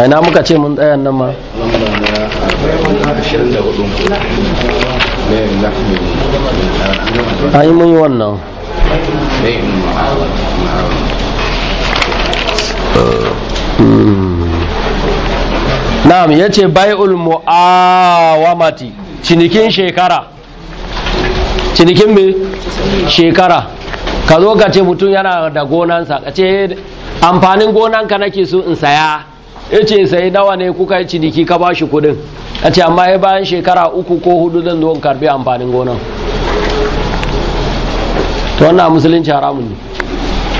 a ina muka ce mun tsayan nan ma a yi mun yi wannan hmm. na'am ya ce bai'ul mu'awamati cinikin shekara cinikin me shekara ka zo ka ce mutum yana da gonansa ka ce eh, amfanin gonanka nake so in saya ya ce sai nawa ne kuka yi ciniki ka ba shi kudin a ce amma ya bayan shekara uku ko hudu zan zuwan karbi amfanin gonan ta wannan musulunci haramun ne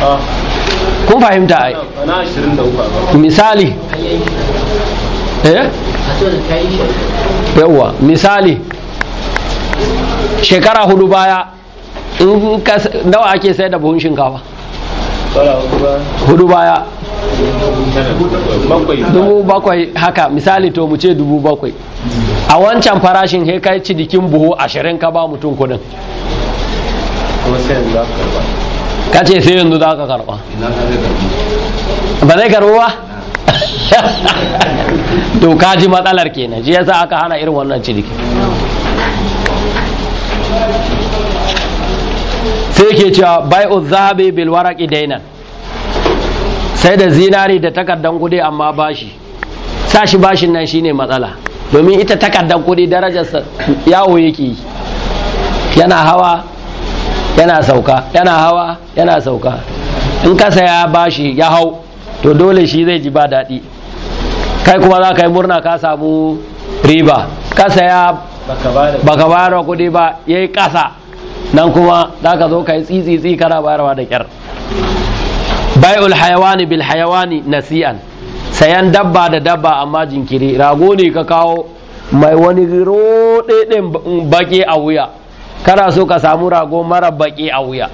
ah. kun fahimta ai misali eh? yawwa misali shekara hudu baya in nawa ake sai da buhun shinkafa hudu baya dubu bakwai haka misali to mu ce dubu bakwai a wancan farashin he kai cidikin buhu ashirin ka ba mutum kudin ka ce sai yanzu za ka karba ba zai karbo ba to ka ji matsalar kenan shi yasa aka hana irin wannan ciniki sai ke cewa bai'u zabe bil dainan sai da zinari da takardar kudi amma bashi sa shi bashin nan shine matsala domin ita takardar kuɗi darajarsa yawo yake yana hawa yana sauka yana hawa yana sauka in ka saya bashi ya hau to dole shi zai ji ba daɗi kai kuma za ka yi murna ka samu riba ka saya baka bayarwa kudi ba ya yi ƙasa nan kuma za ka zo ka yi tsitsitsi kana bayarwa da kyar bai'ul hayawani bil hayawani nasi'an sayan dabba da dabba amma jinkiri rago ne ka kawo mai wani roɗeɗen mm, baƙi a wuya kana so ka samu rago mara baƙi a wuya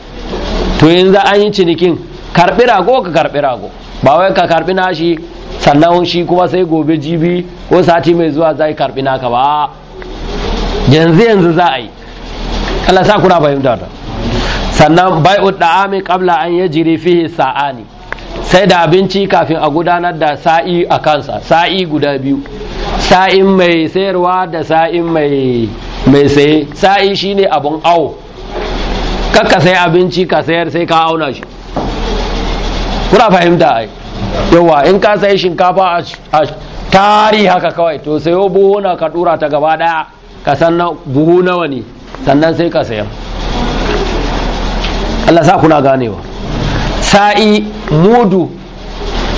to yanzu an yi cinikin karɓi rago ka karɓi rago ba wai ka karɓi nashi sannan shi kuma sai gobe jibi ko sati mai zuwa zai karɓi naka ba yanzu yanzu za a yi Allah sa kuna fahimta ta sannan bai'ud da'ami qabla an yajri fihi sa'ani sai da abinci kafin a gudanar da sa'i a kansa sa'i guda biyu sa'in mai sayarwa da sa'in mai mai saye sa'i shine abun awo kakka sai abinci ka sayar sai ka auna shi kuna fahimta ai yawa in ka sayi shinkafa a tari haka kawai to sayo buhuna ka dura ta gaba daya ka san buhu nawa ne sannan sai ka sayar Allah sa kuna ganewa sa'i mudu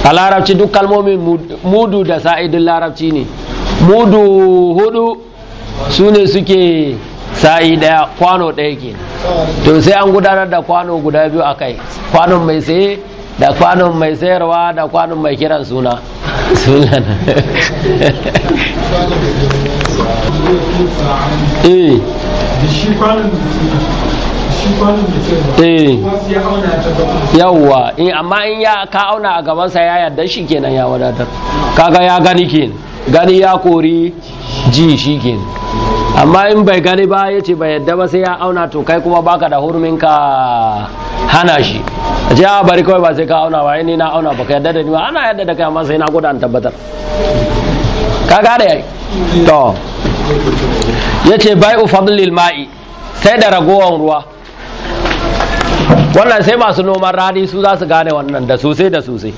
a larabci duk kalmomin mudu da sa'i duk larabci ne mudu hudu su ne suke sa'i daya kwano daya ke to sai an gudanar da kwano guda biyu a kai kwanon mai saye da kwanon mai sayarwa da kwanon mai kiran suna Eh. eh yawwa in eh, amma in ya ka auna a gabansa ya yarda shi kenan ya wadatar kaga ya gani kenan gani ya kori ji shi kenan amma in bai gani ba ya ce bai yadda ba sai ya auna to kai kuma baka da hurumin ka hana shi a ce a ah, bari kawai ba sai ka auna ba ni na auna ba ka yadda da ni ba ana yadda da kai amma sai na guda an tabbatar ka gane to ya ce bai ufadlil ma'i sai da ragowar ruwa wannan sai masu noman rani su za su gane wannan da sosai da sosai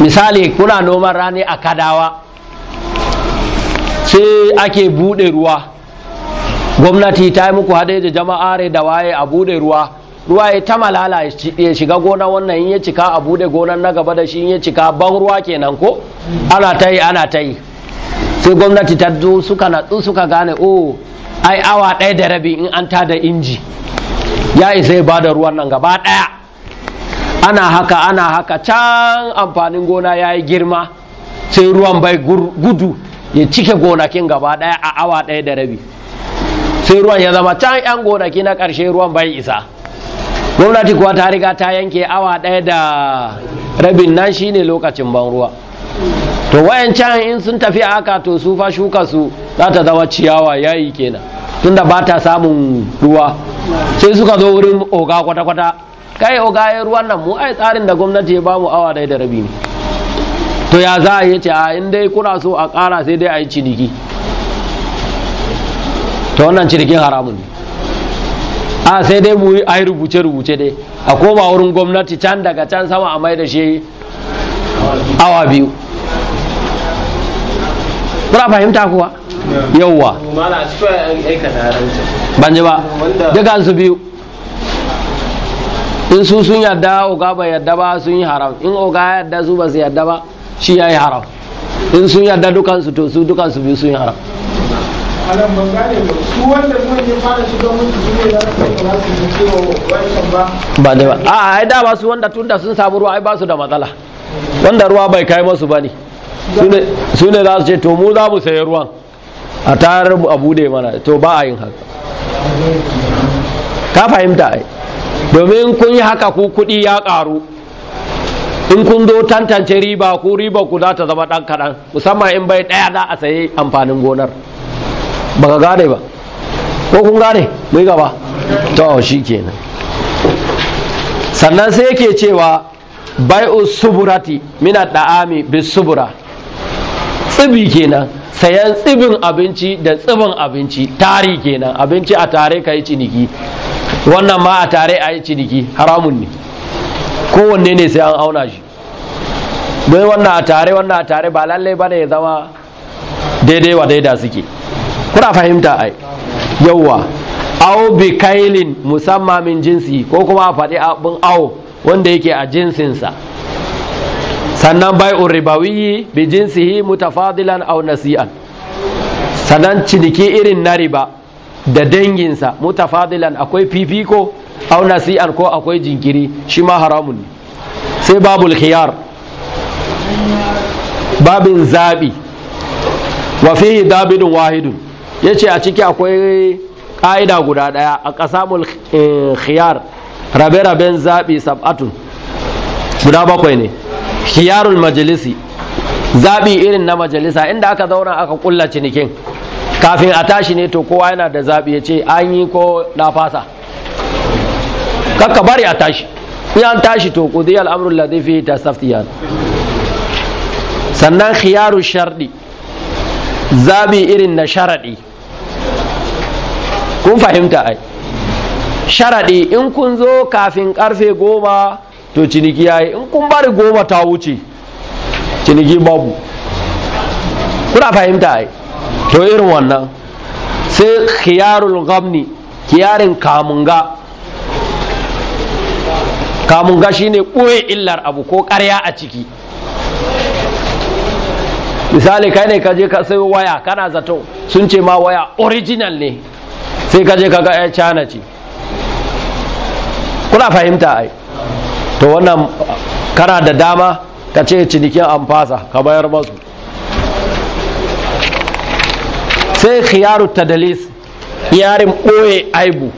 misali kuna noman rani a kadawa sai ake bude ruwa gwamnati ta yi muku haɗe da jama'a da waye a bude ruwa ruwa ya ta malala ya shiga gona wannan in ya cika a bude gonan na gaba da shi in ya cika ban ruwa kenan ko ana ta yi ana ta yi sai gwamnati ta zo suka natsu suka gane o oh, ai awa ɗaya da rabi in an ta da inji ya isa ba da ruwan nan gaba daya ana haka ana haka can amfanin gona ya yi girma sai ruwan bai gudu ya cike gonakin gaba daya a awa daya da rabi sai ruwan ya zama can 'yan gonaki na karshe ruwan bai isa gwamnati kuwa ta riga ta yanke awa daya da rabin nan shine lokacin ban ruwa to wayancan in sun tafi a haka to su fa shuka su za ta zama ciyawa yayi kenan tunda ba ta samun ruwa sai suka zo wurin oga kwata-kwata kai oga ya ruwan nan mu ai tsarin da gwamnati ya bamu awa dai da rabi ne to ya za a yi ce a in ya kuna so a ƙara sai dai a yi ciniki to wannan cinikin haramun ne a sai dai mu a yi rubuce-rubuce dai a koma wurin gwamnati can daga can sama a mai da shi awa biyu kuna fahimta kuwa yauwa ban ji ba duka su biyu in su sun yadda oga bai yadda ba sun yi haram in oga yadda su ba su yadda ba shi ya yi haram in sun yadda dukansu to su dukansu biyu sun yi haram ba ne ba a ai da ba su wanda da sun samu ruwa ai ba su da matsala wanda ruwa bai kai masu bane su ne za su ce to mu za mu sayi ruwan a tarar abu da mana to ba a yin haka ka fahimta ai domin kun yi haka ku kudi ya karu in kun zo tantance riba ku riba ku za ta zama dan kadan musamman in bai daya za a sayi amfanin gonar ba ka gane ba ko kun gane mai gaba to shi kenan sannan sai yake cewa bai'u suburati minat da'ami bis subura tsibi kenan sayan tsibin abinci da tsibin abinci tari kenan abinci a tare ka yi ciniki wannan ma a tare a yi ciniki haramun ne kowanne ne sai an auna shi don wannan a tare wannan a tare ba lallai ba ne ya zama daidai wa daida suke kuna fahimta ai yauwa au bi kailin musamman min jinsi ko kuma a faɗi abin awo wanda yake a jinsinsa sannan bai'un ribawiyi bi jinsihi mutafadilan aw nasi'an sannan ciniki irin na riba da danginsa mutafadilan akwai fifiko aw nasi'an ko akwai jinkiri shi ma haramun ne sai babul khiyar babin zabi wa fihi dabidun wahidun yace a ciki akwai ƙa'ida guda daya a qasamul eh, khiyar rabe-raben zabi sab'atun guda bakwai ne khiyarul majalisi zaɓi irin na majalisa inda aka zauna aka kulla cinikin kafin a tashi ne to kowa yana da zaɓi ya ce an yi ko na fasa kakka bari a tashi in an tashi to kudi al'amrul ladifi ta tastaftiyan sannan khiyaru sharɗi zaɓi irin na sharaɗi kun fahimta ai sharaɗi in kun zo kafin ƙarfe goma to ciniki yayi in kun bari goma ta wuce ciniki babu kuna fahimta yi. to irin wannan sai khiyarul gamni kiyarin kamunga kamunga shine ɓoye illar abu ko karya a ciki misali kai ne kaje ka sai waya kana zato sun ce ma waya original ne sai kaje kaga ya eh, cana ce kuna fahimta ai to wannan kana da dama ka ce cinikin an fasa ka bayar masu sai khiyaru tadalis yarin ɓoye aibu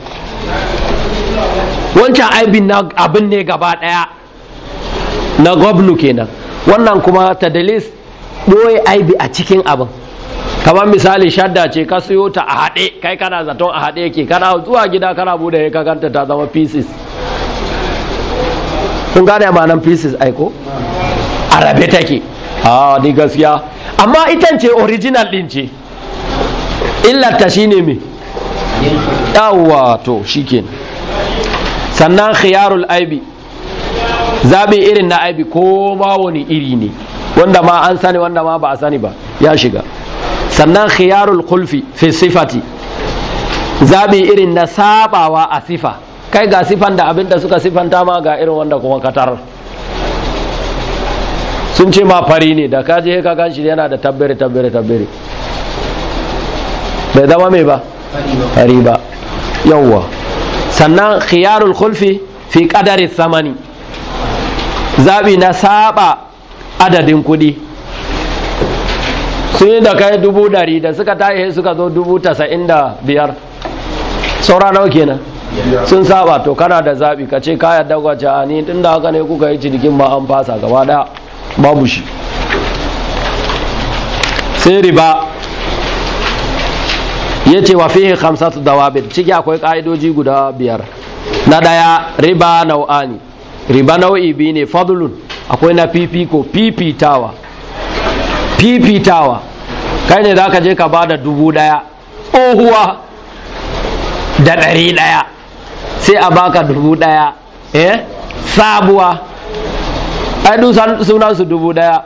wancan aibin na abin ne gaba ɗaya na goblu kenan wannan kuma tadalis boye aibi a cikin abin kamar misali shadda ce ka siyo ta a haɗe kai kana zaton a haɗe ke kana zuwa gida kana bude ya kaganta ta zama pieces kun gane nan pieces aiko a rabe take a ni gaskiya amma ita ce original din ce illarta shine me yawwa to shikenan sannan khiyarul aibi zaɓe irin na aibi ko ma wani iri ne wanda ma an sani wanda ma ba a sani ba ya shiga sannan khiyarul kulfi fi sifati zaɓe irin na sabawa a sifa kai ga sifan da abin da suka sifanta ma ga irin wanda kuma katar sun ce ma fari ne da kaji ka kan shi yana da tabbere tabbere tabbere bai zama mai ba fari ba yawwa sannan khiyarul khulfi fi qadari samani zabi na saba adadin kuɗi sun yi da kai dubu dari da suka tashi suka zo dubu tasa'in da biyar saura nawa kenan sun saba to kana da zaɓi ka ce ka yadda kwace a ni tun da haka ne kuka yi jirgin ma an fasa gaba ɗaya babu shi sai riba ya ce wa fihi khamsatu dawabit ciki akwai ka'idoji guda biyar na ɗaya riba nau'ani riba nau'i biyu ne fadlun akwai na fifiko fifitawa fifitawa kai ne za ka je ka bada dubu ɗaya tsohuwa da ɗari ɗaya sai a baka dubu daya eh sabuwa ai duk sunan su dubu daya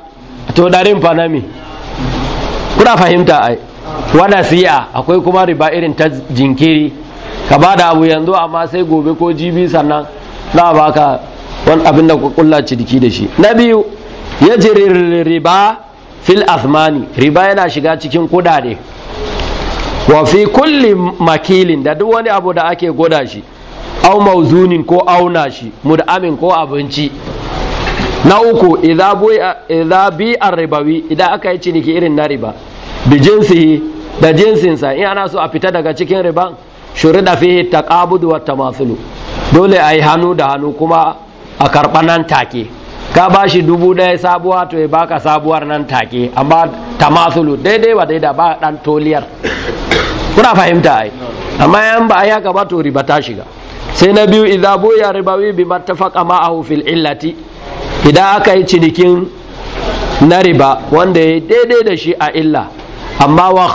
to darin fa na kuna fahimta ai wada siya akwai kuma riba irin ta jinkiri ka ba da abu yanzu amma sai gobe ko jibi sannan za a baka wani abin da kulla diki da shi na biyu ya riba fil asmani riba yana shiga cikin kudade wa fi kulli makilin da duk wani abu da ake goda shi au mauzunin ko auna shi mud'amin ko abinci na uku idza bi ribawi idan aka yi ciniki irin na riba bi jinsihi da jinsinsa in ana so a fita daga cikin riban shurida fihi taqabud wa tamathulu dole a yi hannu da hannu kuma a karɓa nan take ka ba shi dubu ɗaya sabuwa to ya baka sabuwar nan take amma tamathulu daidai ba daidai ba ɗan toliyar kuna fahimta ai amma yan ba a yi haka ba to riba ta shiga sai na biyu idza riba ribawi bi mattafaqa ma'ahu fil illati idan aka yi cinikin na riba wanda ya daidai da shi a illa amma wa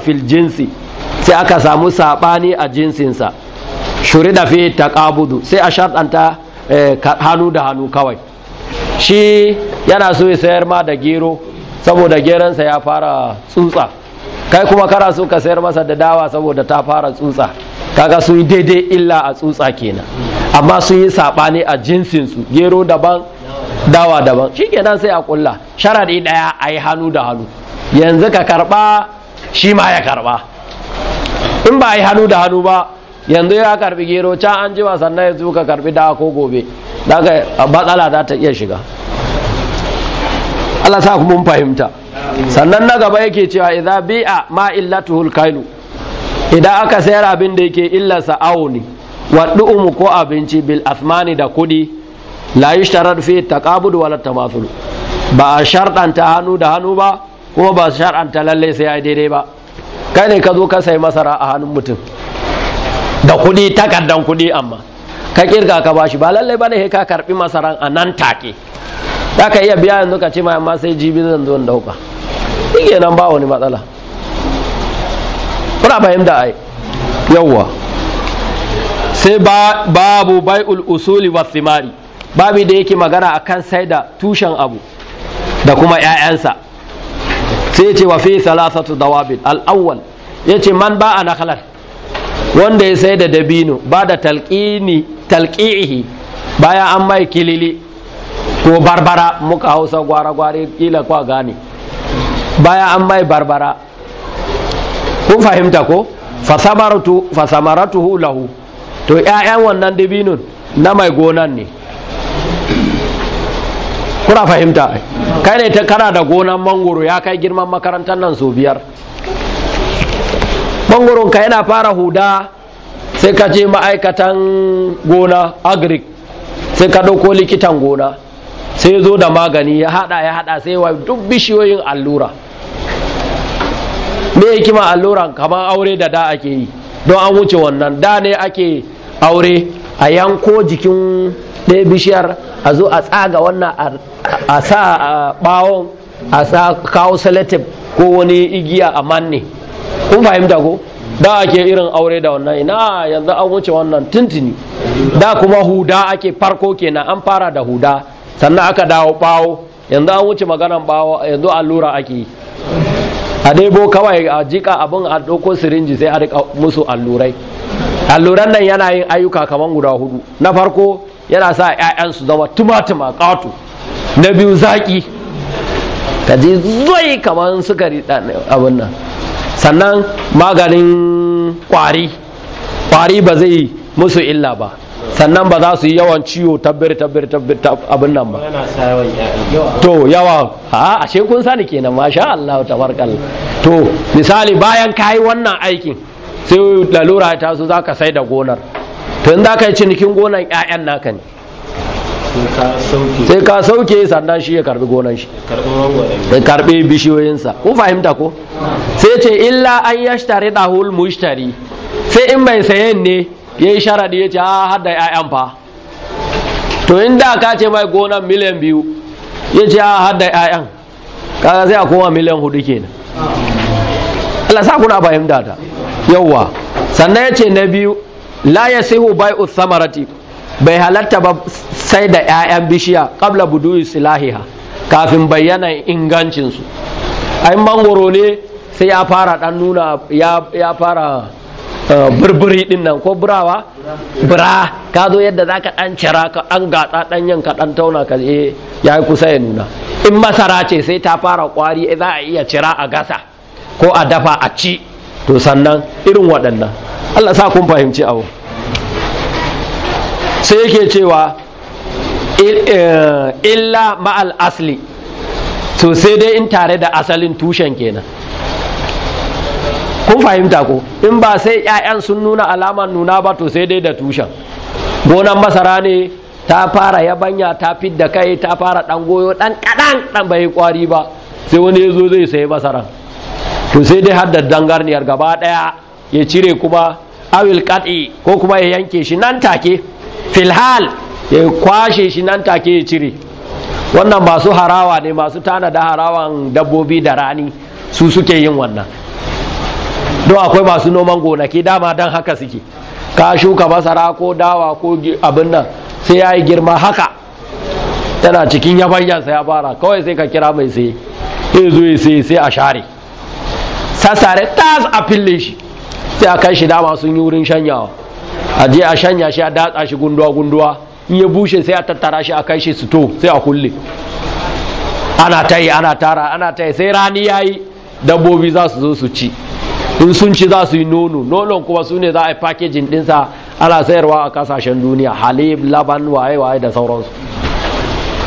fil jinsi sai aka samu saɓani a jinsinsa shurida fi taqabudu sai a shartanta eh, hannu da hannu kawai shi yana so ya sayar ma da gero saboda geronsa ya fara tsutsa kai kuma kana so ka sayar masa da dawa saboda ta fara tsutsa kaga sun yi daidai illa a tsutsa kenan amma sun yi saɓani a jinsin su gero daban dawa daban shikenan sai a kulla sharadi daya a yi hannu da hannu yanzu ka karɓa shi ma ya karɓa in ba a yi hannu da hannu ba yanzu ya karbi gero can an jima sannan yanzu ka karbi dawa ko gobe daga matsala za ta iya shiga Allah sa kuma mun fahimta sannan na gaba yake cewa idza bi'a ma illatuhul kailu idan aka sayar abin da yake illarsa awo ne umu ko abinci bil asmani da kudi la yi sharar fi taqabud wala tamathul ba a shardanta hannu da hannu ba kuma ba a sharɗanta lalle sai ya daidai ba kai ne ka zo ka sai masara a hannun mutum da kudi takardan kudi amma ka kirga ka bashi ba lalle bane ka karbi masaran a nan take za ka iya biya yanzu ka ce ma sai jibi zan zo in dauka ba wani matsala muna fahimta ai yawwa sai babu bai'ul usuli wa thimari babu da yake magana akan sai da tushen abu da kuma 'ya'yansa sai ce wa fi salasatu dawabin al'awwal ya ce man ba a nakalar wanda ya sai da dabino ba da talƙi'ihi bayan an mai kilili ko barbara muka hausa gwara-gware kila kwa gane bayan an mai barbara kun fahimta ko fasamaratuhu lahu to 'ya'yan wannan dabinun na mai gonan ne kuna fahimta kai ne ta kana da gonan mangoro ya kai girman makarantar nan so biyar mangoron ka yana fara huda sai ka je ma'aikatan gona agric sai ka ɗauko likitan gona sai zo da magani ya hada ya hada sai wa duk bishiyoyin allura me kima alluran kamar aure da da ake yi don an wuce wannan da ne ake aure a yanko jikin ɗaya bishiyar a zo a tsaga wannan a sa a ɓawon a sa kawo selective ko wani igiya a manne kun fahimta ko da ake irin aure da wannan ina yanzu an wuce wannan tuntuni da kuma huda ake farko kenan an fara da huda sannan aka dawo bawo yanzu an wuce maganan bawo yanzu allura ake yi a ɗebo kawai a jika abin a ɗauko sirinji sai a riƙa musu allurai alluran nan yana yin ayyuka kamar guda hudu na farko yana sa 'ya'yansu zama tumatuma ƙato na biyu zaƙi ka ji zai kamar sukari abin nan sannan maganin ƙwari ƙwari ba zai musu illa ba sannan ba za su yi yawan ciwo tabbir tabbir tabbir abin nan ba to yawa a ashe kun sani kenan masha Allah tabarkal to misali bayan kai wannan aikin sai lalura ta su zaka ka sai da gonar to in zaka yi cinikin gonar 'ya'yan naka ne sai ka sauke sannan shi ya karbi gonan shi ya karbi bishiyoyinsa Ko fahimta ko sai ce illa an yashtari dahul mushtari sai in mai sayen ne ya yi sharaɗi ya ce a ah, hada ‘ya'yan fa to inda ka ce mai gona miliyan biyu ya ce a ah, hada ‘ya'yan kaga sai a koma miliyan hudu kenan Allah sa kuna fahimta ta yawwa sannan ya ce na biyu la ya sihu bai samarati bai halatta ba sai da 'ya'yan bishiya kabla buduyi silahiha kafin bayyana ingancinsu a ai mangoro ne sai ya fara dan nuna ya fara Eh, burburi din nan ko burawa bura ka zo yadda zaka dan cira ka an gatsa dan yanka dan tauna ka je yayi kusa ya nuna in masara ce sai ta fara kwari za a iya cira a gasa ko a dafa a ci to sannan irin waɗannan Allah sa kun fahimci abu sai yake cewa eh, illa ma'al asli to sai dai in tare da asalin tushen kenan kun fahimta ko in ba sai 'ya'yan sun nuna alaman nuna ba to sai dai da tushen gonan masara ne ta fara yabanya ta fidda kai ta fara dan goyo dan kadan dan bai kwari ba sai wani ya zo zai sayi masara to sai dai hadda dangarniyar gaba daya ya cire kuma awil qati ko kuma ya yanke shi nan take filhal ya kwashe shi nan take ya cire wannan masu harawa ne masu tanada harawan dabbobi da rani su suke yin wannan don akwai masu noman gonaki dama don haka suke ka shuka masara ko dawa ko abin nan sai ya yi girma haka tana cikin yabanyansa ya fara kawai sai ka kira mai sai ya zo ya sai sai a share sassare tas a fille shi sai a kai shi dama sun yi wurin shanyawa a je a shanya shi a datsa shi gunduwa-gunduwa in ya bushe sai a tattara shi a kai shi to sai a kulle ana yi ana tara ana yi sai rani ya yi dabbobi za su zo su ci in sun ci za su yi nono nonon kuma su ne za a yi packaging dinsa ana sayarwa a kasashen duniya halib laban waye waye da sauransu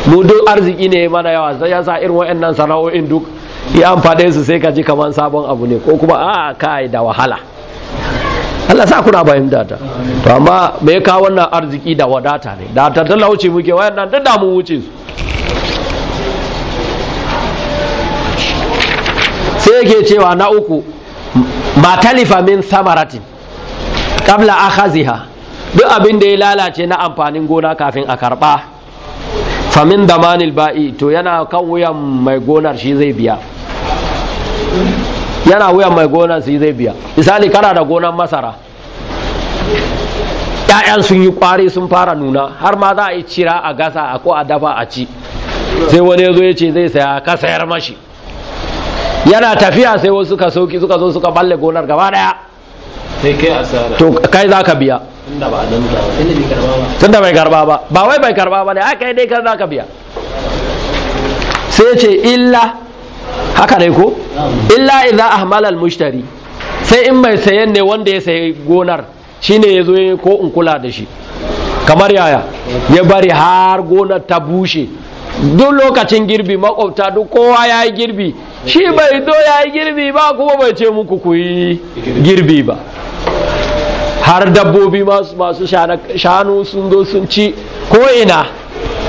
mu duk arziki ne mana yawa ya sa irin waɗannan sana'o'in duk an faɗe su sai ka ji kamar sabon abu ne ko kuma a ah, kai da wahala Allah sa kuna bayan data to amma me ya kawo wannan arziki da wadata ne da ta talauci muke duk da damu wuce su sai yake cewa na uku ba talifa min samaratin kabla a akhaziha duk abin da ya lalace na amfanin gona kafin a karba famin da manil ba'i to yana kan wuyan mai gonar shi zai biya yana wuyan mai gonar shi zai biya misali kana da gonar masara ‘ya'yan sun yi ƙwari sun fara nuna har ma za a yi cira a gasa a ko a dafa a ci sai wani ya zo ya ce zai saya ka sayar mashi yana tafiya sai wasu suka sauki suka zo suka balle gonar gaba daya to kai za ka biya tunda bai karba ba ba wai bai karba ba ne aka yi dai kan za ka biya sai ce illa haka dai ko illa idan al mushtari sai in mai sayan ne wanda ya sayi gonar shine ya zo ko in kula da shi kamar yaya ya bari har gonar ta bushe duk lokacin girbi makwabta duk kowa ya yi girbi shi bai zo ya yi girbi ba kuma bai ce muku ku yi girbi ba har dabbobi masu shanu sun zo sun ci ko ina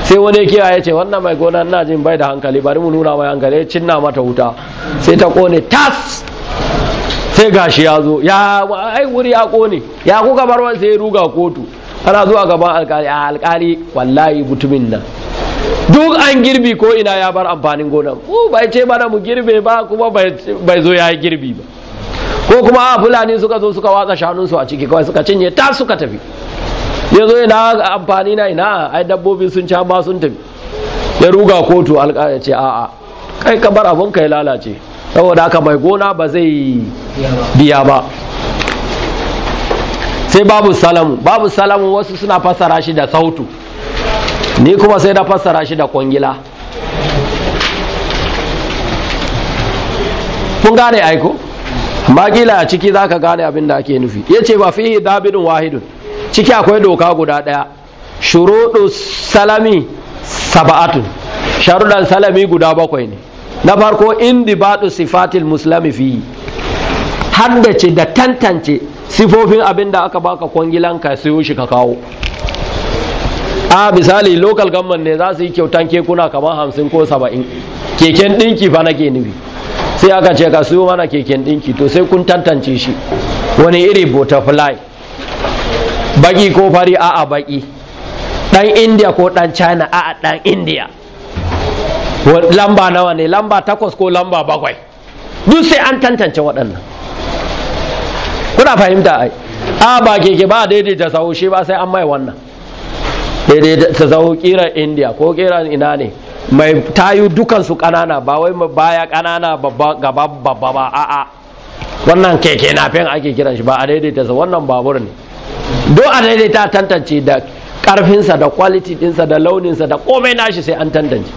sai wani ya ya ce wannan mai gona na jin bai da hankali bari mu nuna mai hankali na mata wuta sai ta kone tas sai gashi ya zo ya ai wuri ya kone ya kuka bar sai ruga kotu ana zuwa gaban alkali alkali ah, wallahi mutumin nan duk an girbi ko ina ya bar amfanin gonar ko bai ce mana mu girbe ba kuma bai zo ya yi girbi ba ko kuma a fulani suka zo suka watsa shanunsu a ciki kawai suka cinye ta suka tafi ya zo ina amfani na ina ai dabbobi sun ca ma sun tafi ya ruga kotu alƙa ce a'a kai ka bar abun ka ya lalace saboda haka mai gona ba zai biya ba sai babu salamu babu salamu wasu suna fassara shi da sautu ni kuma sai na fassara shi da kwangila kun gane aiko amma a ciki za ka gane abin da ake nufi ya ce ba fiye dabidun wahidun ciki akwai doka guda daya. shuruɗu salami saba'atun sharuɗan salami guda bakwai ne na farko indi baɗu sifatil musulami fiye haddace da tantance sifofin abin da aka baka kwangilan ka siyo shi ka kawo a misali local government ne za su yi kyautan kekuna kamar hamsin ko saba'in keken ɗinki fa nake nufi sai aka ce ka siyo mana keken ɗinki to sai kun tantance shi wani iri butterfly baki ko fari a a baki ɗan india ko ɗan china a a ɗan india lamba nawa ne lamba takwas ko lamba bakwai duk sai an tantance waɗannan kuna fahimta ai a ba keke ba daidaita sahu shi ba sai an mai wannan daidai ta zaho kira india ko kira ina ne mai tayu dukansu kanana ba wai baya kanana gaba babba ba a'a wannan keke fen ake kiran shi ba a daidaita sa wannan babur ne do a daidaita tantance da karfinsa da quality dinsa da launinsa da komai nashi sai an tantance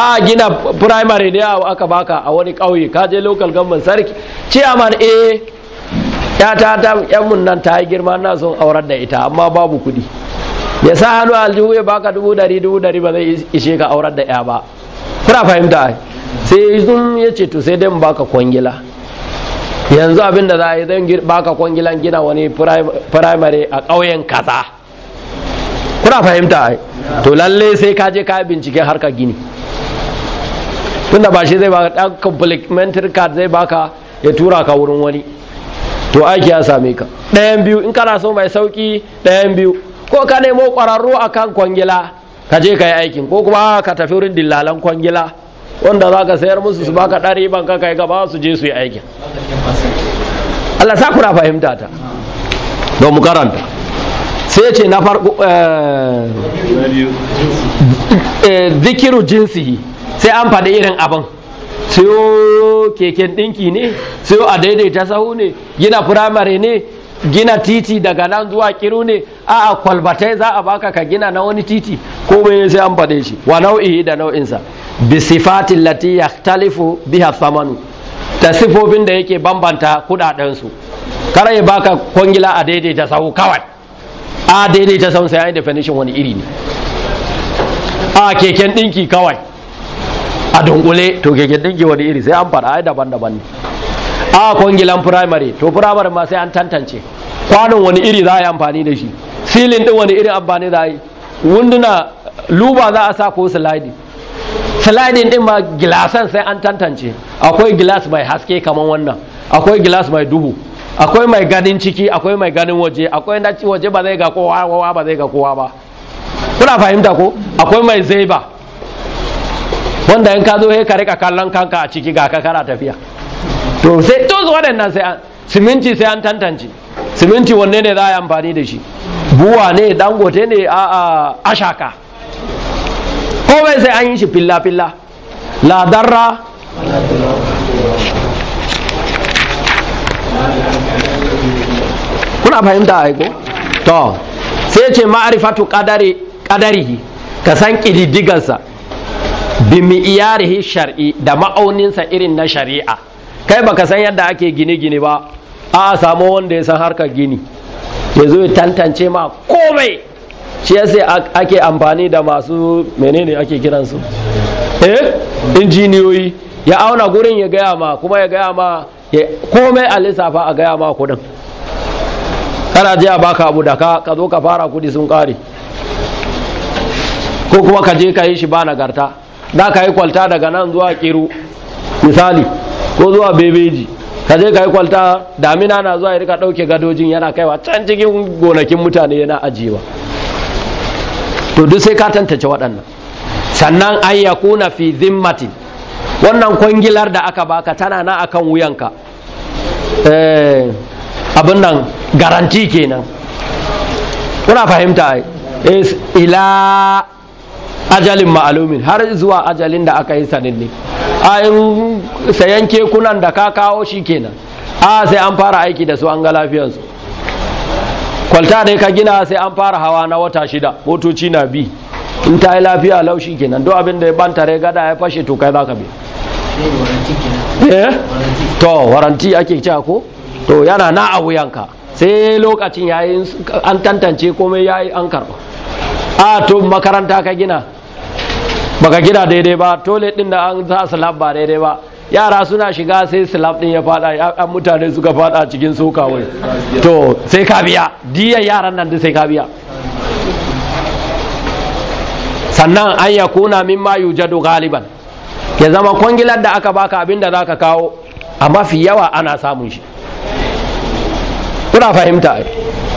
a gina primary ne aka baka a wani kauye ka je local government sarki chairman eh ya ta ta yan nan ta yi girma na son aurar da ita amma babu kuɗi ya sa hannu aljihu ya baka dubu dari dubu dari ba zai ishe ka aurar da ya ba kuna fahimta sai sun ya ce to sai dai baka kwangila yanzu abin da za a yi zan baka kwangilan gina wani firamare a ƙauyen kaza kuna fahimta to lalle sai ka je ka binciken harkar gini da ba shi zai baka dan complementary card zai baka ya tura ka wurin wani to aiki ya same ka ɗayan biyu in kana so mai sauki ɗayan biyu ko ka nemo kwararru a kan kwangila ka je ka yi aikin ko kuma ka tafi wurin dillalan kwangila wanda za ka sayar musu su baka ɗari ban ka kai gaba su je su yi aikin Allah sa kuna fahimta ta don mu karanta sai ce na farko eh, eh, zikiru jinsi sai an faɗi irin abin siyo keken ɗinki ne siyo a daidaita sahu ne gina firamare ne gina titi daga nan zuwa kiru ne a a kwalbatai za a baka ka gina na wani titi ko bai sai an faɗe shi wa nau'i da nau'insa bi sifatin lati talifu biha thamanu da sifofin da yake bambanta kudaden su kar ya baka kwangila a daidaita sahu kawai a daidaita sahu sai an definition wani iri ne a keken dinki kawai a dunkule to keken dinki wani iri sai an faɗa ai daban-daban ne a kwangilan primary to primary ma sai an tantance kwanon wani iri za a yi amfani da shi silin din wani irin amfani za a yi wunduna luba za a sa ko sliding sliding din ma gilasan sai an tantance akwai gilas mai haske kamar wannan akwai gilas mai duhu akwai mai ganin ciki akwai mai ganin waje akwai na waje ba zai ga kowa ba zai ga kowa ba kuna fahimta ko akwai mai ba wanda in ka zo ka rika kallon kanka a ciki ga ka kana tafiya to sai duk waɗannan sai an siminti sai an tantance siminti wanne ne za a yi amfani da shi buwa ne dangote ne a ashaka ko bai sai an yi shi filla-filla ladarra kuna fahimta aiko to sai ce ma'arifatu kadarihi ka san ƙididdigarsa bi mi'iyarihi shar'i da ma'auninsa irin na shari'a kai baka san yadda ake gine-gine ba a samu wanda ya san harka gini ya zo tantance ma komai shi ya sai ake amfani da masu menene ake kiransu eh injiniyoyi ya auna gurin ya gaya ma kuma ya gaya ma komai a lissafa a gaya ma kudin kana jiya baka abu da ka zo ka fara kudi sun kare ko kuma ka je ka yi shi ba nagarta da ka yi kwalta daga nan zuwa kiru misali ko zuwa bebeji ka je ka yi kwalta damina na zuwa ya rika ɗauke gadojin yana kaiwa can cikin gonakin mutane yana ajiyewa to duk sai ka tantance waɗannan sannan an ya kuna fi zimmati wannan kwangilar da aka baka tana na akan wuyanka eh, abin nan garanti kenan kuna fahimta ai eh, ila ajalin ma'alumin har zuwa ajalin da aka yi sanin ne a sayan kekunan da ka kawo shi kenan a sai an fara aiki da su an ga lafiyansu kwalta da ka gina sai an fara hawa na wata shida motoci na bi in ta yi lafiya laushi kenan duk abin da ya banta rai gada ya fashe to kai za ka bi eh? Eh? to waranti ake cewa ko to yana na a wuyanka sai lokacin yayin an tantance komai yayi an karba a to makaranta ka gina baka gina daidai ba toilet din da an sa slab ba daidai ba yara suna shiga sai slab din ya fada an mutane suka fada cikin soka wai to sai ka biya diya yaran nan sai ka biya sannan an ya kuna min mimma yujadu galiban ya zama kwangilar da aka baka abin da zaka kawo a mafi yawa ana samun shi kuna fahimta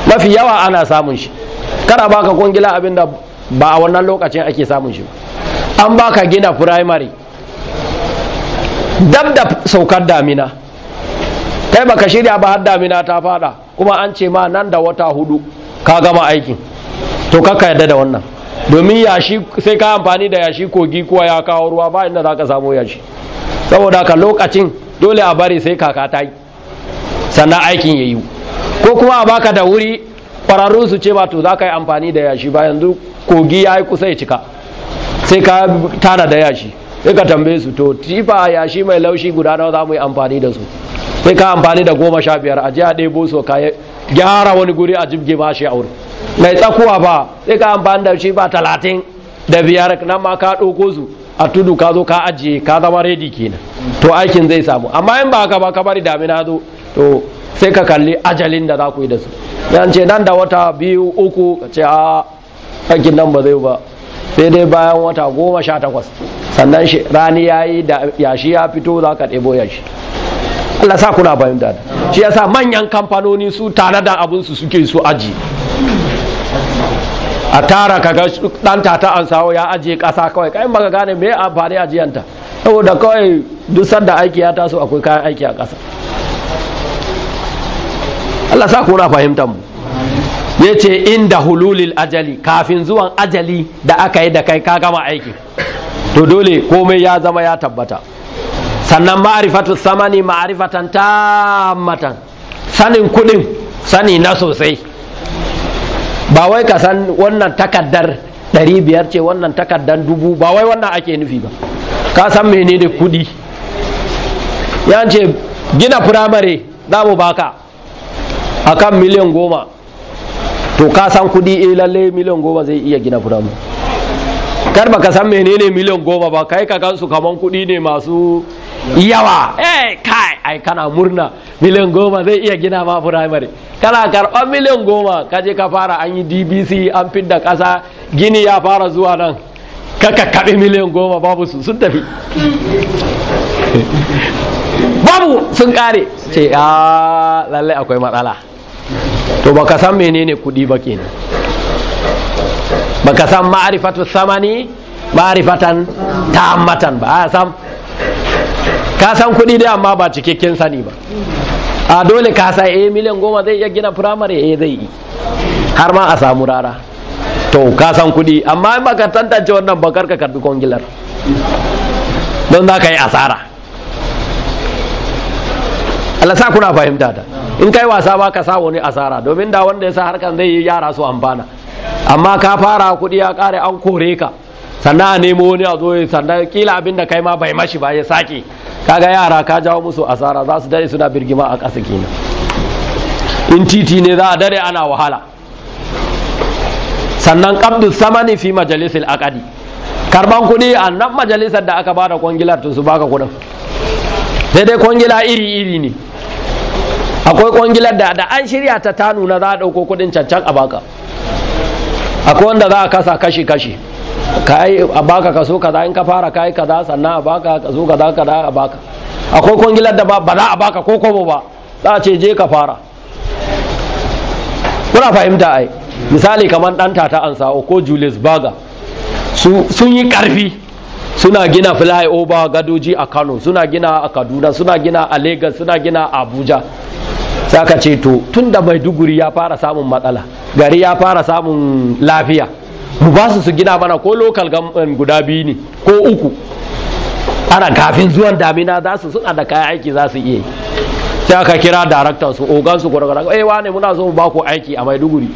mafi yawa ana samun shi kada baka kwangila abin da ba a wannan lokacin ake samun shi ba an baka gina firamare dab da saukar damina kai baka shirya ba har damina ta fada kuma an ce ma nan da wata hudu ka gama aikin to kaka yadda da wannan domin yashi sai ka amfani da yashi kogi kuwa ya kawo ruwa ba inda za ka samu yashi saboda ka lokacin dole a bari sai kaka ta yi sannan aikin ya yi ko kuma a baka da wuri ƙwararru su ce ba to za ka yi amfani da yashi ba yanzu kogi ya yi kusa ya cika sai ka tara da yashi sai ka tambaye su to tifa yashi mai laushi guda nawa za mu yi amfani da su sai ka amfani da goma sha biyar a ji a ɗebo su ka gyara wani guri a jibge ba shi a wuri mai tsakuwa ba sai ka amfani da shi ba talatin da biyar nan ma ka ɗauko su a tudu ka zo ka ajiye ka zama redi kenan to aikin zai samu amma in ba ka ba ka bari damina zo to sai ka kalli ajalin da za ku yi da su yan ce nan da wata biyu uku ka ce a aikin nan ba zai ba sai dai bayan wata goma sha takwas sannan rani ya yi da yashi ya fito za ka ɗebo yashi Allah sa kuna fahimta shi ya sa manyan kamfanoni su tanada abinsu suke su aji a tara kaga dan tata an sawo ya ajiye ƙasa kawai kai baka gane me amfani ajiyanta saboda kawai duk sanda aiki ya taso akwai kayan aiki a ƙasa Allah sa kuna fahimtar mu ya ce inda hululil ajali kafin zuwan ajali da aka yi da kai ka gama aiki to dole komai ya zama ya tabbata sannan ma'arifatu samani ma'arifatan tammatan sanin kudin sani na sosai ba wai ka san wannan takaddar ɗari biyar ce wannan takaddar dubu ba wai wannan ake nufi ba ka san menene kudi yace ce gina firamare za mu baka akan miliyan goma to ka san kuɗi eh lalle miliyan goma zai iya gina firamu kar ba ka san menene miliyan goma ba kai ka su kaman kuɗi ne masu yawa eh kai ai kana murna miliyan goma zai iya gina ma firamare kana karban miliyan goma ka je ka fara an yi dbc an fidda kasa gini ya fara zuwa nan ka kakkaɓe miliyan goma babu su sun tafi babu sun ƙare ce a ah, lallai akwai matsala to ba ka san menene kuɗi ba kenan ka san ma'arifatu samani ma'arifatan ta'ammatan ba a san ka san kuɗi dai amma ba cikakken sani ba a dole ka sa eh miliyan goma zai iya gina firamare eh zai yi har ma a samu rara to ka san kuɗi amma in baka tantance wannan ba karka karbi kongilar don za ka yi asara Allah sa kuna fahimta ta in kai wasa ba ka sa wani asara domin da wanda ya sa harkan zai yi yara su amfana amma ka fara kuɗi ya ƙare an kore ka sannan a nemo wani a zo sannan kila abin da kai ma bai mashi ba ya sake kaga yara ka jawo musu asara za su dare suna birgima a ƙasa kenan in titi ne za a dare ana wahala sannan qabdu samani fi majalisil akadi karban kuɗi a nan majalisar da aka bada kwangilar tun su baka kuɗin daidai kwangila iri iri ne akwai kwangilar da da an shirya ta ta nuna za a ɗauko kudin cancan a baka akwai wanda za a kasa kashi kashi yi a baka kaso kaza in ka fara kai kaza sannan a baka kaso kaza kaza a baka akwai kwangilar da ba za a baka ko kobo ba za a ce je ka fara kuna fahimta ai misali kamar dan tata sa'o ko julius baga sun yi karfi suna gina flyover gadoji a kano suna gina a kaduna suna gina a lagos suna gina a abuja za ce to tun da maiduguri ya fara samun matsala gari ya fara samun lafiya mu ba su su gina mana ko lokal guda biyu ne ko uku ana kafin zuwan damina za su suna da kayan aiki za su iya yi sai aka kira daraktan su ogan su gwargwara eh wane muna so mu ba ku aiki a maiduguri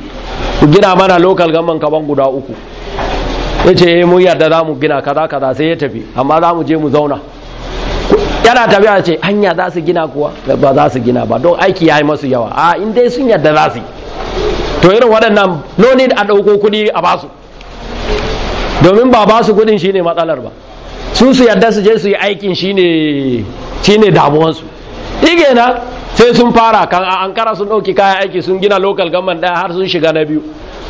ku gina mana lokal gaman kaman guda uku ya ce eh, mun yarda za mu gina kaza kaza sai ya tafi amma za mu je mu zauna yana tafiya ce hanya za su gina kuwa ba za su gina ba don aiki ya yi masu yawa a ah, in dai sun yadda za su to irin waɗannan no need a ɗauko kuɗi a ba su domin ba basu kuɗin shine matsalar ba su su yadda su je su yi aikin shine shine damuwansu na sai sun fara kan a ankara sun ɗauki kayan aiki sun gina local government ɗaya har sun shiga na biyu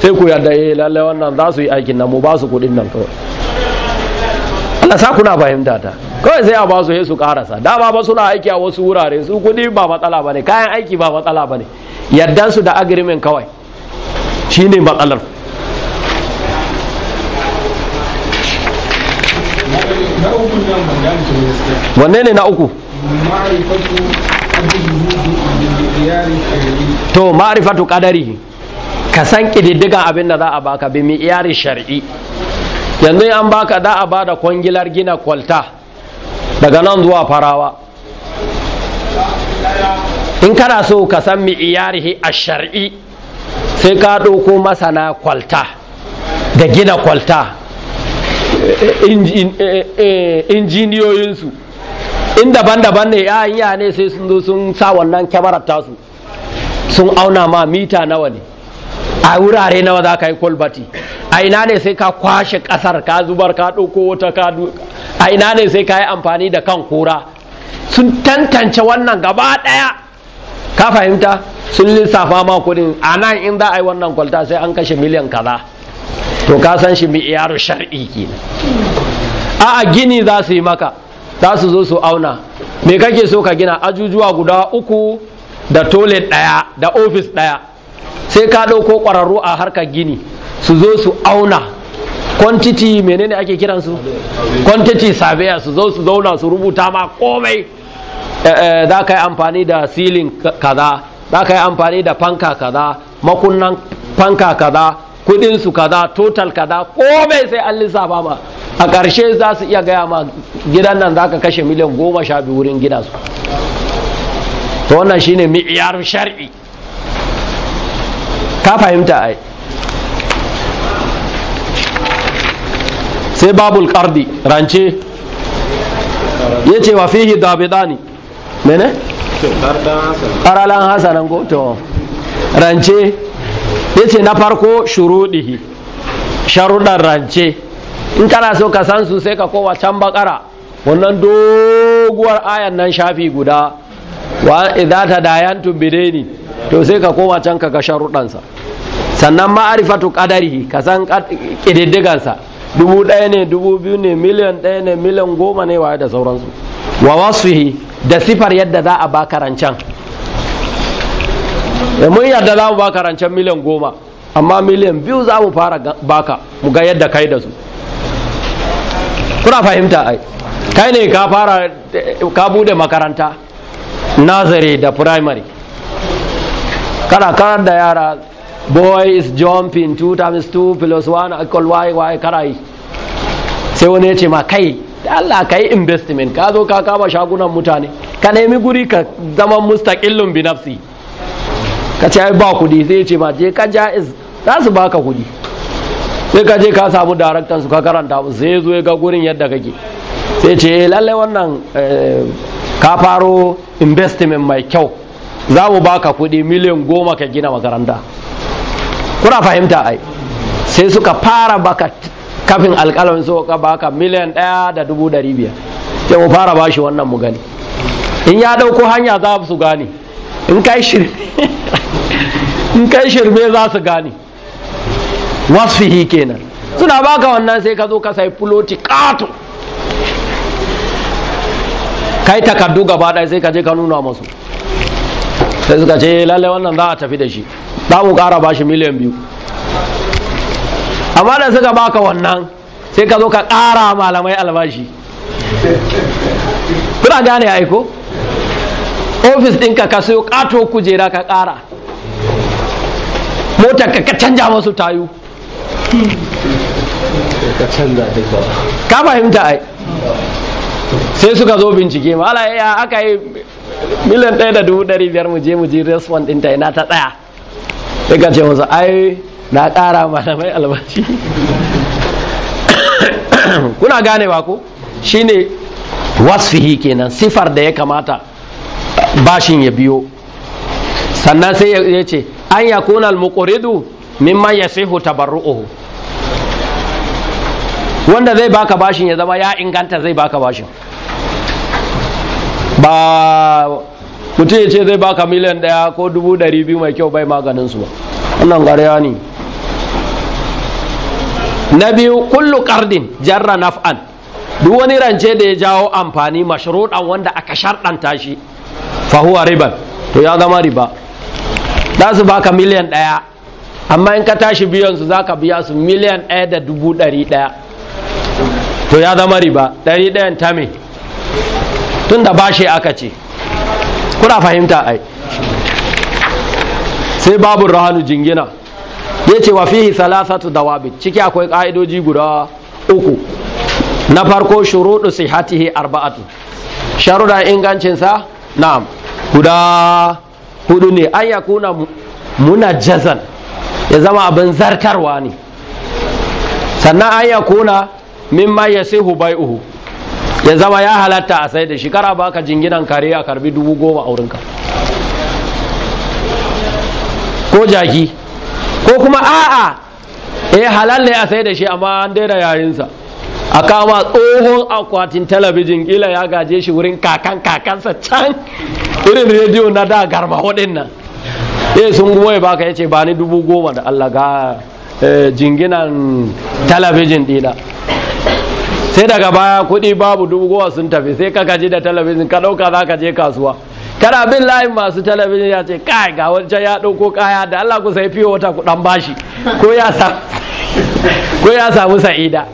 sai ku yadda eh lallai wannan za su yi aikin nan mu ba su kuɗin nan kawai Allah sa kuna fahimta ta kawai sai a ba su su karasa da ba ba suna aiki a wasu wurare su kudi ba matsala bane kayan aiki ba matsala bane yardan su da agreement kawai shine matsalar wanne ne na uku to ma'rifatu kadari ka san kididdigan abin da za a baka bi mi'yari shari'i yanzu an baka da a bada kwangilar gina kwalta daga nan zuwa farawa in kana so ka san mi'iyarihi a shar'i sai ka ɗauko masana kwalta da gina kwalta eh, eh, injiniyoyinsu in daban-daban ne yayin ne sai sun zo sun sa wannan kyamarar tasu sun auna ma mita nawa ne a wurare nawa za ka yi kwalbati a ina ne sai ka kwashe kasar ka zubar ka ɗauko wata ka a ina ne sai ka yi amfani da kan kura sun tantance wannan gaba ɗaya ka fahimta sun lissafa ma kudin a nan in za a yi wannan kwalta sai an kashe miliyan kaza to ka san shi iyaru shar'i ki a a gini za su yi maka za su zo su auna me kake so ka gina ajujuwa guda uku da tole ɗaya da ofis ɗaya sai ka ɗauko ƙwararru a harkar gini su zo su auna quantity menene ake kiransu kwantiti surveyor su zo su zauna su rubuta ma komai eh, eh, za ka yi amfani da silin kaza za ka yi amfani da fanka kaza makunan fanka kaza kudinsu kaza total kaza komai sai an lissafa ma a ƙarshe za su iya gaya ma gidan nan za ka kashe miliyan goma sha biyu wurin gida su to wannan shine mi'iyar shar'i ka fahimta ai sai babul ƙardi rance ya ce wa fihi dabidani mene ƙaralan hasanan ko rance ya ce na farko shurudihi sharuɗar rance in kana so ka san su sai ka kowa can bakara wannan doguwar ayan nan shafi guda wa dayan tadayantum ni to sai ka kowa can ka ga sharuɗansa sannan ma'arifatu qadarihi ka san ƙididdigansa dubu ɗaya ne dubu biyu ne miliyan ɗaya ne miliyan goma ne waye da sauransu wa wasu da sifar yadda za a ba rancen da mun yadda za mu ba karancen miliyan goma amma miliyan biyu za mu fara baka mu ga yadda kai da su kuna fahimta ai kai ne ka fara ka bude makaranta nazari da primary kana karar da yara boy is jumping two times two plus 1 equal y y karai sai wani ya ce ma kai Allah ka yi investment ka zo ka kama shagunan mutane ka nemi guri ka zama mustaƙillun binafsi ka ce ba kudi sai ya ce ma je ka ja'iz za su baka kudi sai ka je ka samu daraktan su ka karanta mu sai zo ga gurin yadda kake sai ce eh, lalle wannan eh, ka faro investment mai kyau za mu baka kudi miliyan goma ka gina makaranta kuna fahimta ai sai suka fara baka kafin alƙalamin ka baka miliyan ɗaya da dubu ɗari biyar sai mu fara bashi wannan mu gani in ya ɗauko hanya za su gane in kai shirme za su gane wasfihi kenan suna baka wannan sai ka zo ka sai fuloti ƙato kai takardu gaba ɗaya sai ka je ka nuna masu sai suka ce lallai wannan za a tafi da shi za mu kara bashi miliyan biyu amma da suka baka wannan sai ka zo ka kara malamai albashi kuna gane aiko ofis ɗinka ka sayo kato kujera ka kara motar ka canja masu tayu ka fahimta ai sai suka zo bincike ala ya aka yi miliyan ɗaya da dubu ɗari biyar mu je mu je response ɗinta ina ta tsaya sai ka ce masa ai na ƙara malamai albashi kuna ganewa ko shine wasfihi kenan sifar da ya kamata bashin ya biyo sannan sai ya ce an ya kuna almuqridu mimman yasihu tabarru'uhu wanda zai baka bashin ya zama ya inganta zai baka bashin ba mutum ya ce zai baka miliyan ɗaya ko dubu ɗari biyu mai kyau bai maganin su ba wannan ƙarya ne na biyu kullu kardin jarra naf'an duk wani rance da ya jawo amfani mashruɗan wanda aka sharɗanta shi fahuwa riban to ya zama riba za su baka miliyan ɗaya amma in ka tashi biyan su za ka biya su miliyan ɗaya da dubu ɗari ɗaya to ya zama riba ɗari ɗayan ta tun da bashi aka ce kuna fahimta ai sai babu rahanu jingina ya ce wa fihi salasatu dawabit ciki akwai ka'idoji guda uku na farko shuruɗu sihatihi arba'atu sharuɗa ingancinsa na'am guda hudu ne an ya kuna muna jazan ya zama abin zartarwa ne sannan an ya kuna mimma ya sai uhu ya zama ya halatta a sai da shi ba ka jinginan kare a karbi dubu goma a wurinka ko jaki ko kuma a'a eh halal ne a sai da shi amma an daina yayinsa a kama tsohon akwatin talabijin kila ya gaje shi wurin kakan kakansa can irin rediyo na da garba hudin waɗannan eh sun ba baka ya ce ba ni dubu goma da allah eh, jinginan talabijin dina sai daga baya kuɗi babu dubu goma sun tafi sai ka kaji da talabijin ka dauka za ka je kasuwa kana bin layin masu talabijin ya ce kai ga wancan ya dauko kaya da Allah ku sai fiye wata kuɗan bashi ko ya samu sa'ida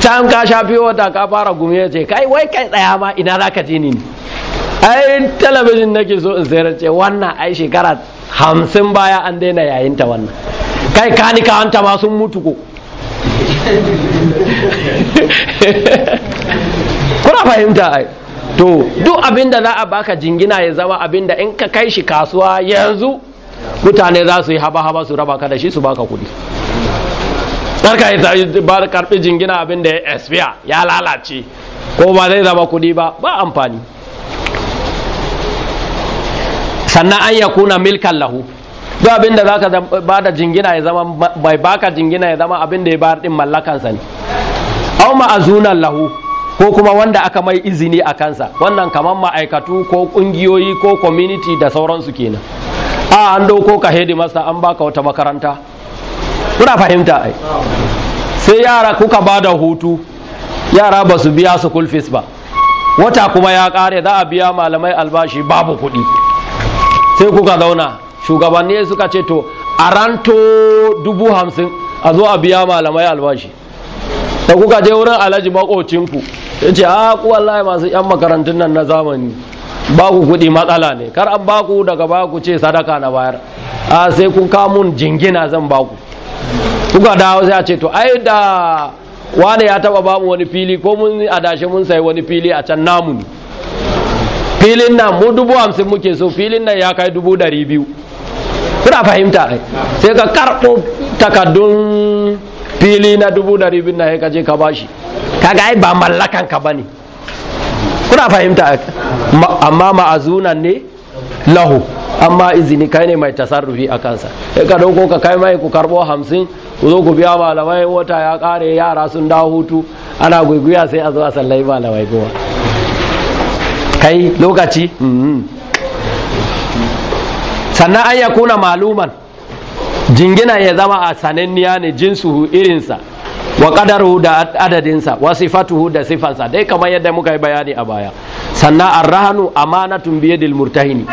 can ka sha fiye wata ka fara gumi ya ce kai wai kai tsaya ma ina za ka je ni ai talabijin nake so in sayar ce wannan ai shekara hamsin baya an daina yayinta wannan kai kani hanta ma sun mutu ko kuna fahimta ai to duk abinda za a baka jingina ya zama abinda in ka kai shi kasuwa yanzu mutane za su yi haba-haba su raba ka da shi su baka kudi karka ya karbi jingina abinda ya expire ya lalace ko ba zai zama kudi ba ba amfani sannan an ya kuna milkan lahu duk abin da ka ba da jingina ya zama bai baka jingina ya zama abin da ya bayar din mallakansa ne au ma'azunan lahu ko kuma wanda aka mai izini a kansa wannan kamar ma'aikatu ko kungiyoyi ko community da sauransu kenan a an dauko ka hedi masa an baka wata makaranta kuna fahimta ai sai yara kuka ba da hutu yara ba su biya su fees ba wata kuma ya kare za a biya malamai albashi babu kuɗi sai kuka zauna shugabanni suka ce to a ranto dubu hamsin a zo a biya malamai albashi da kuka je wurin alhaji makocinku ya ce a ah, ku wallahi masu yan makarantun nan na zamani ba ku kuɗi matsala ne kar an ba ku daga ba ku ce sadaka na bayar a ah, sai kun kamun jingina zan ba ku kuka dawo sai a ce to ai da wane ya taba bamu wani fili ko mun adashe mun sayi wani fili a can namu filin nan mu dubu hamsin muke so filin nan ya kai dubu dari biyu kuna fahimta sai ka karɓo takardun fili na dubu dari bin na ka ka bashi kaga ai ba mallakan ka bane kuna fahimta amma ma'azunan ne lahu amma izini kai ne mai tasarrufi a kansa sai ka dauko ka kai mai ku karbo hamsin ku zo ku biya malamai wata ya kare yara sun dawo hutu ana guguya sai a zo a sallai malamai kuma kai lokaci mm-hmm. sannan an ya kuna maluman jingina ya zama a sananniya ne jinsu irinsa wa qadaruhu da adadinsa wa sifatuhu da sifansa dai kamar yadda muka yi bayani a baya sannan arrahanu amanatun biyadil murtahini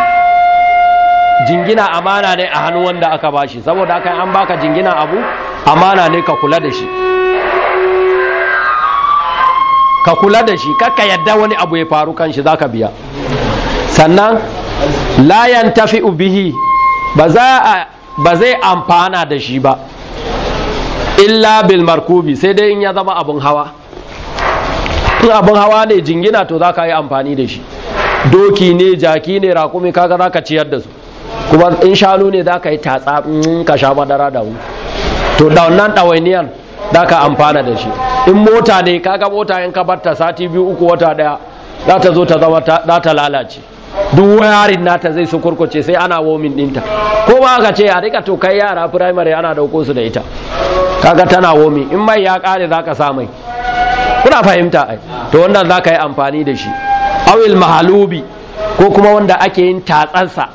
jingina amana ne a hannu wanda aka bashi saboda haka an baka jingina abu amana ne ka kula da shi ka kula da shi kakka yadda wani abu ya faru kan shi zaka biya sannan layan tafi ubihi ba za a ba zai amfana da shi ba illa bil markubi sai dai in ya zama abin hawa in abin hawa ne jingina to za ka yi amfani da shi doki ne jaki ne rakumi kaga za ka ciyar da su kuma in shanu ne za ka yi tatsa in mm, ka sha madara da wu to da wannan ɗawainiyan za ka amfana da shi in mota ne kaga mota in ka bar ta sati biyu uku wata daya za ta zo ta zama za ta lalace duk wayarin nata zai su kurkuce sai ana womin dinta ko ba ka ce a rika to kai yara primary ana dauko su da ita kaga tana womi in mai ya kare zaka sa mai kuna fahimta ai to wannan zaka yi amfani da shi awil mahalubi ko kuma wanda ake yin tatsansa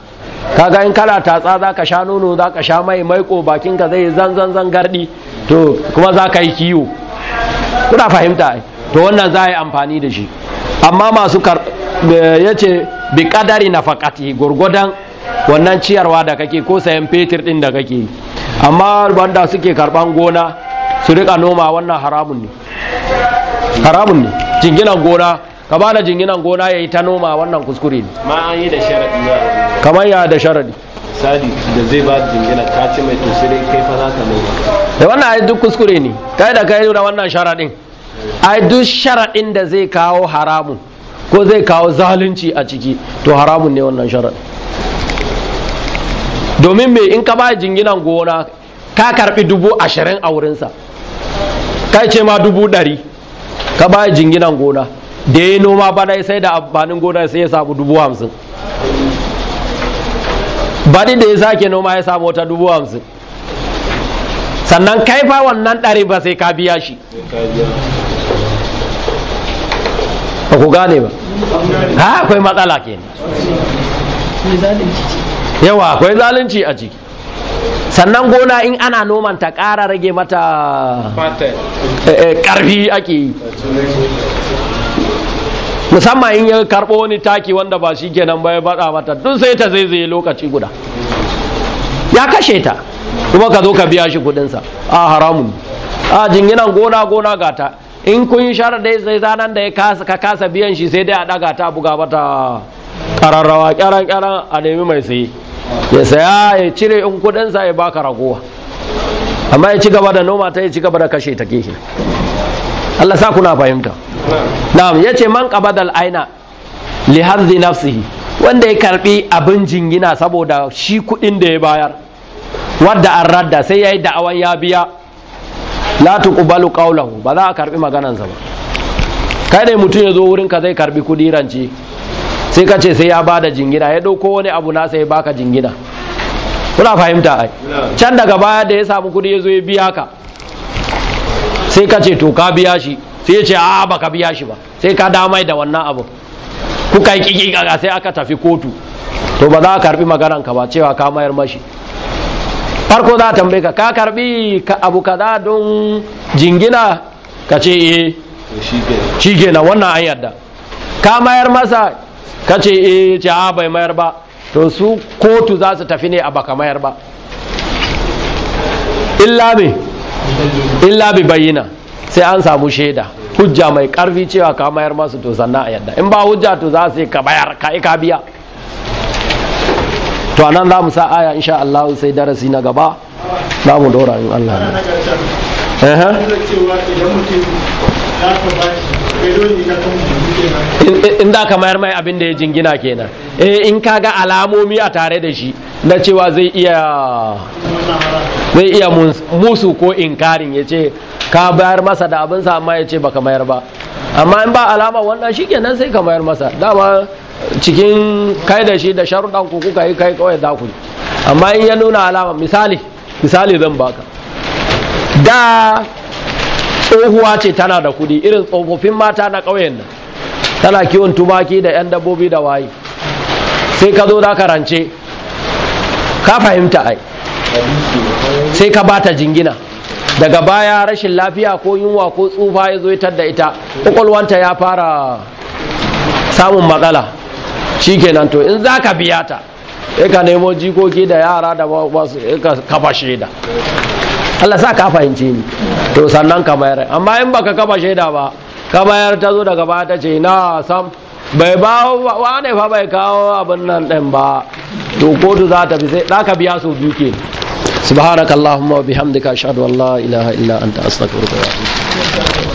kaga in kana tatsa zaka sha nono zaka sha mai maiko bakin ka zai zan zan zan gardi to kuma zaka yi kiwo kuna fahimta ai to wannan za ka yi amfani da shi amma masu ya ce bi kadari na fakati gurgudan wannan ciyarwa da kake ko sayan fetur ɗin da kake amma wanda suke karɓan gona su riƙa noma wannan haramun ne haramun ne jinginan gona ka ba da jinginan gona ya yi ta noma wannan kuskure ne ma an yi da sharaɗi ba kamar ya da sharaɗi sadi da zai ba da jinginan ka ci mai tosiri kai fa za ka noma da wannan ai duk kuskure ne kai da kai da wannan sharaɗin ai duk sharaɗin da zai kawo haramun ko zai kawo zalunci a ciki to haramun ne wannan sharadin domin me in ka ba jinginan gona ka karbi dubu ashirin a wurinsa ka ce ma dubu ɗari ka ba jinginan gona da ya noma bana sai da amfanin gona sai ya samu dubu hamsin baɗi da ya sake noma ya samu wata dubu hamsin sannan kai fa wannan ɗari ba sai ka biya shi ba ku gane ba ha akwai matsala ke yawa akwai zalunci a ciki sannan gona in ana noman ta ƙara rage mata eh, eh, ƙarfi ake yi musamman in ya karɓo wani taki wanda ba shi kenan ba ya baɗa mata duk sai ta zaizaye lokaci guda ya kashe ta kuma ka zo ka biya shi kuɗinsa a ah, haramun a ah, jinginan gona gona gata in kun yi da ya zanen da ka kasa biyan shi sai dai a ɗaga ta buga mata kararrawa ƙyaran ƙyaran a nemi mai sai ya saya ya cire in kudinsa ya baka ragowa amma ya ci gaba da noma ta ya ci gaba da kashe ta ke Allah sa kuna fahimta na'am ya ce man qabadal aina li hadhi nafsihi wanda ya karbi abin jingina saboda shi kuɗin da ya bayar wadda an radda sai ya yi da'awan ya biya la tuqbalu qawluhu ba za a karbi maganansa ba kai dai mutum ya zo wurin ka zai karbi kudi rance sai ka ce sai ya bada jingina ya dauko wani abu na sai ya baka jingina kuna fahimta ai can daga baya da ya samu kudi ya zo ya biya ka sai ka ce to ka biya shi sai ya ce a ba ka biya shi ba sai ka damai da wannan abu kuka yi kiki sai aka tafi kotu to ba za a karbi maganan ka ba cewa ka mayar mashi farko za a tambaye ka ka karbi ka abu kaza don jingina ka ce eh shi kenan wannan an yadda ka mayar masa ka ce eh ce a ah, bai mayar ba to su kotu za su tafi ne a baka mayar ba illa me bi bayyana sai an samu shaida hujja mai karfi cewa ka mayar masu to sannan a yadda in ba hujja to za su ka bayar ka biya to anan za mu sa aya insha Allah sai darasi na gaba za mu dora in Allah ne in da ka mayar mai abin da ya jingina kenan eh in ka ga alamomi a tare da shi na cewa zai iya zai iya musu ko inkarin ya ce ka bayar masa da abin sa amma ya ce baka mayar ba amma in ba alama wannan shi kenan sai ka mayar masa dama cikin kai da shi da sharuɗan ku kuka yi kai kawai za ku amma in ya nuna alama misali misali zan baka da tsohuwa ce tana da kuɗi irin tsofaffin mata na ƙauyen nan tana kiwon tumaki da 'yan dabbobi da waye sai ka zo za ka rance ka fahimta ai sai ka bata jingina daga baya rashin lafiya ko yunwa ko tsufa ya zo ya da ita ƙwaƙwalwanta ya fara samun matsala shikenan to in za ka biya ta e ka nemo jikoki da yara da wasu ka kafa shaida Allah sa ka fahimci ni to sannan ka bayar amma in baka kafa shaida ba ka bayar ta zo daga baya ta ce na sam bai ba ne fa bai kawo abin nan din ba to kotu za ta bi sai za ka biya su biyu ke subhanakallahumma wa bihamdika ashhadu an la ilaha illa anta astaghfiruka wa atubu